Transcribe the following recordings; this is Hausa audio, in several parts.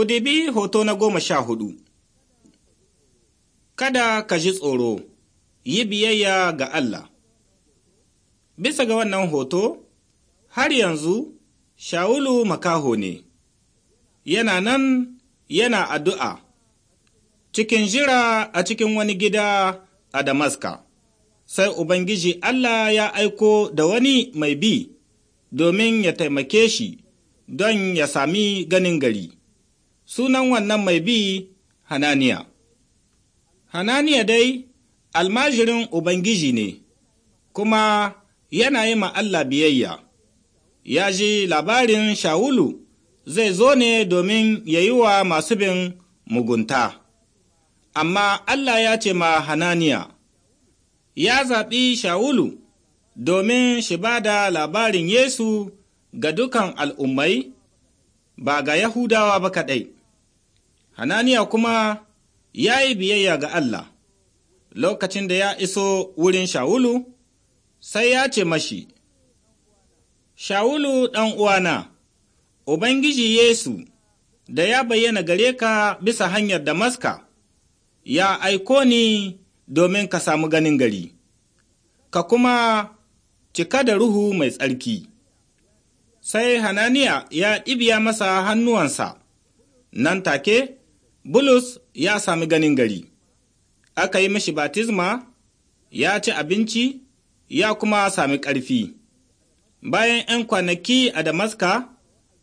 Ku dibi hoto na goma sha hudu. Kada ka ji tsoro, yi biyayya ga Allah. Bisa ga wannan hoto, har yanzu Shawulu makaho ne, yana nan yana addu'a cikin jira a cikin wani gida a Damaska, sai Ubangiji Allah ya aiko da wani mai bi domin ya taimake shi don ya sami ganin gari. sunan wannan mai bi Hananiya. Hananiya dai almajirin Ubangiji ne, kuma yana yi Allah biyayya, ya ji labarin Shawulu zai zo ne domin ya yi wa masu bin mugunta. Amma Allah ya ce ma Hananiya, ya zaɓi Shawulu domin shi ba da labarin Yesu ga dukan al'ummai, ba ga Yahudawa ba kaɗai. Hananiya kuma ya yi biyayya ga Allah, lokacin da ya iso wurin Shawulu, sai ya ce mashi, Shawulu ɗan uwana, Ubangiji Yesu da ya bayyana gare ka bisa hanyar Damaska, ya aiko ni domin ka samu ganin gari, ka kuma cika da Ruhu mai tsarki. Sai Hananiya ya ɗibiya masa hannuwansa, nan take Bulus ya sami ganin gari, aka yi mashi batizma, ya ci abinci, ya kuma sami ƙarfi. Bayan ’yan kwanaki a Damaska,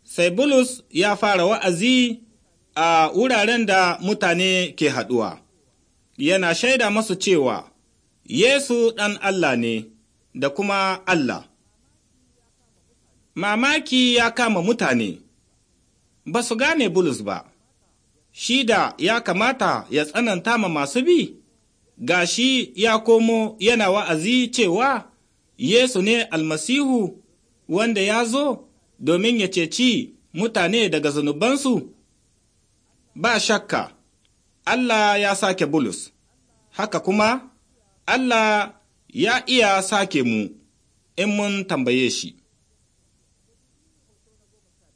sai Bulus ya fara wa'azi a wuraren da mutane ke haɗuwa. Yana shaida masu cewa, Yesu ɗan Allah ne da kuma Allah. Mamaki ya kama mutane, ba su gane Bulus ba. shi da ya kamata ya tsananta ma masu bi, ga shi ya komo yana wa'azi cewa Yesu ne almasihu wanda ya zo domin ya ceci mutane daga zunubansu. Ba shakka, Allah ya sake Bulus, haka kuma Allah ya iya sake mu in mun tambaye shi.